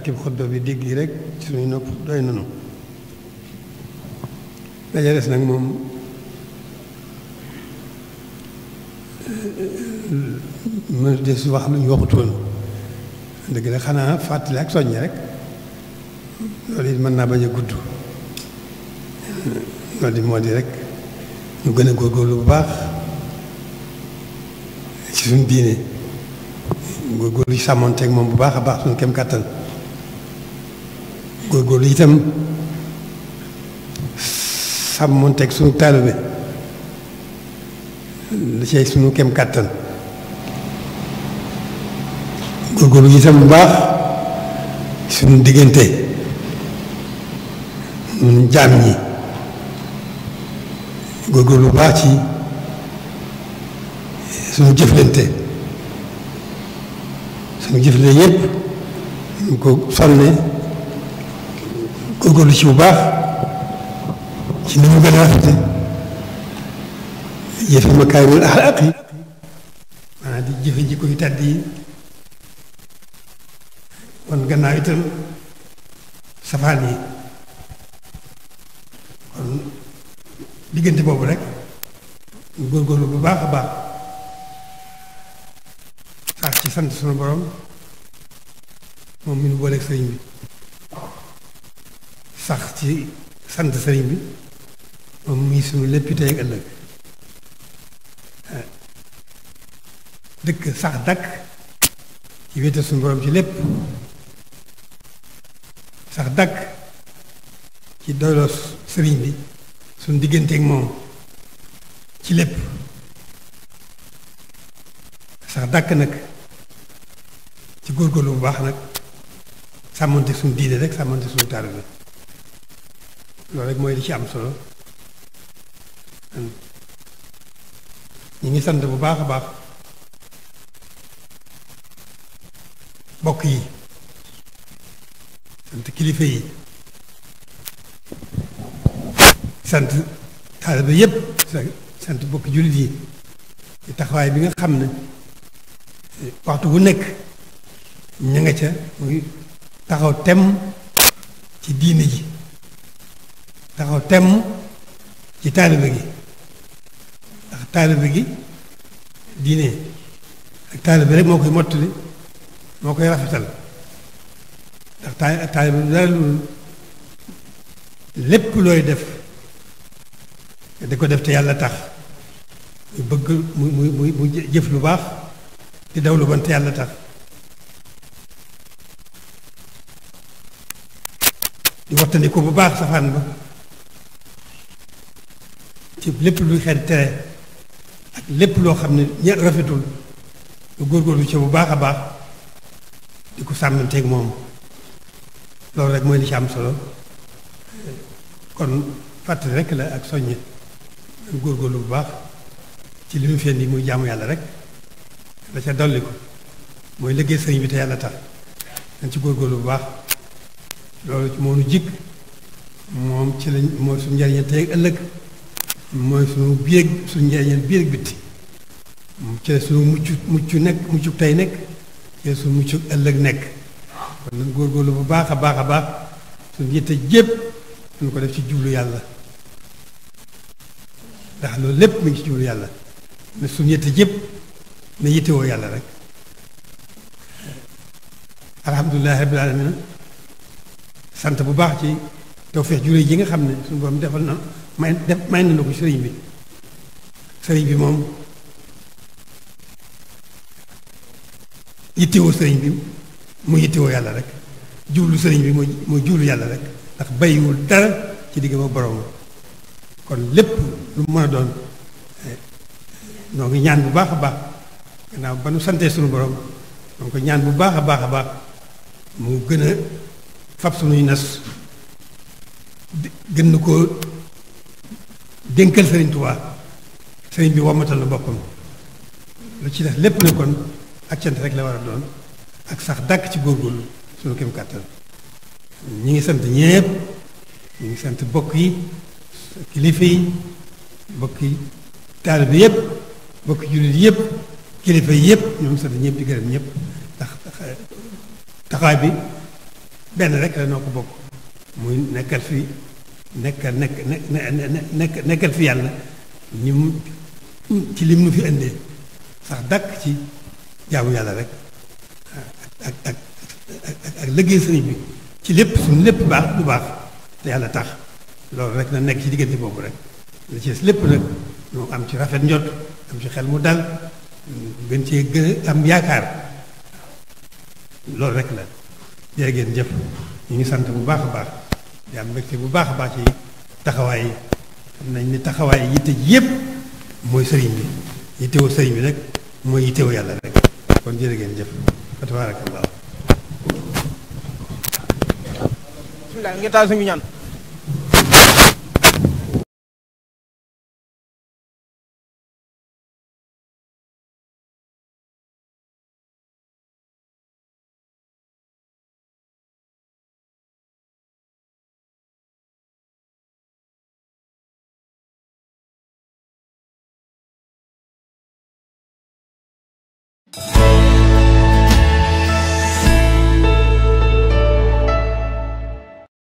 barkeb xutba bi dégg yi rek ci suñu nopp doy nanu daja des nag moom mën des wax lu ñu waxutoon dëgg la xanaa fàttali ak soññi rek loolu it mën naa bañ a gudd loolu di moo rek ñu gën a góorgóorlu bu baax ci suñu diine góorgóorlu ci sàmmoonteeg moom bu baax a baax suñu kem kàttan góorgóorlu itam sàmmonteeg sunu taalibe li cay sunu kem kàttan góorgóorlu itam lu baax sunu diggante ñun jaam ñi góorgóorlu lu baax ci sunu jëflante sunu jëflante yépp ñu ko sonne góorgóorlu ci bu baax ci ni mu gën a rafete jëfe makaarimul axlaaq yi maanaam di jëfe jikko yu kon gannaaw itam safaan yi kon diggante boobu rek góorgóorlu bu baax a baax sax ci sant sunu borom moom mi nu booleeg sëriñ bi sax ci sant sëriñ bi moom muy suñu léppi tey ëllëg eh, dëkk sax dakk ci wéetal suñu borom lépp sax dakk ci doyloos sëriñ bi suñu digganteek moom ci lépp sax dakk nag ci góor góorgóorlu bu baax nag sàmmante suñu diine rek sàmmante suñu taalibe loolu rek mooy li ci am solo ñu ngi sant bu baax a baax bokk yi sant kilifa yi sant taaliba yépp sant bokk jullit yi ci taxawaay bi nga xam ne waxtu bu nekk ña nga ca taxaw tem ci diine ji taxaw temm ci taalibe gi ndax taalibe gi diine ak taalibe rek moo koy li moo koy rafetal ndax taa taalibe du dara lu lépp looy def di ko def te yàlla tax mu bëgg mu mu mu jëf lu baax di daw lu bon te yàlla tax di wattandi bu baax safaan ba ci lépp luy xeet tere ak lépp loo xam ne ñe rafetul lu góorgóorlu ci bu baax a baax di ku sàmmanteeg moom loolu rek mooy li ci am solo kon fàttali rek la ak soññe dañ góorgóorlu bu baax ci li mu feen yi muy jàmm yàlla rek la ca dolli ko mooy liggéey sëriñ bi te yàlla tax dañ ci góorgóorlu bu baax loolu moo nu jikk moom ci lañ mooy suñu njariñe tey ëllëg mooy su biir su njëriñal biir bitti ci su suñu mucc mucc nekk muccu tey nekk ci la muccu ëllëg nekk kon góor góorlu bu baax a baax a baax suñu yitte jépp ñu ko def ci jublu yàlla ndax loolu lépp mu ngi jublu yàlla ne suñu yitte jépp ne yàlla rek alhamdulilahi rabbil alamina sant bu baax ci tawfeex jure yi nga xam ne suñu borom defal na may def may na ko sëriñ bi sëriñ bi moom yittewoo sëriñ bi mu yittewoo yàlla rek jublu sëriñ bi mu jublu yàlla rek ndax bàyyiwul dara ci digg ma borom kon lépp lu mën a doon noo eh, ngi ñaan bu baax a baax gannaaw ba nu santee sunu borom noo ko ñaan bu baax a baax a baax mu gën a fab sunuy nas gën na koo dénkal sëriñ Tuubaa sëriñ bi womatal na boppam lu ci def lépp ne kon ak cant rek la war a doon ak sax dàkk ci góorgóorlu suñu kem kàttan ñi ngi sant ñépp ñi ngi sant bokk yi kilifa yi bokk yi taalibe yépp bokk jullit yépp kilifa yi yépp ñoom sant ñépp di gërëm ñépp ndax taxawaay bi benn rek la ko bokk muy nekkal fii nekkal nekk nekk nekkal fi yàlla ñu ci lim nu fi indee sax dàkk ci jaamu yàlla rek ak ak ak ak liggéey sëriñ bi ci lépp suñu lépp baax bu baax te yàlla tax loolu rek na nekk ci diggante boobu rek la ci lépp nag moom am ci rafet njot am ci xel mu dal gën cee gën am yaakaar loolu rek la jërë ngeen jëf ñu ngi sant bu baax a baax. di am mbégte bu baax a baax ci taxawaay yi xam nañ ni taxawaay yitte ji yépp mooy sëriñ bi yittewoo sëriñ bi nag mooy yittewoo yàlla rek kon jërë ngeen jëf fa tabaarakallah. ngeen taal suñu ñaan.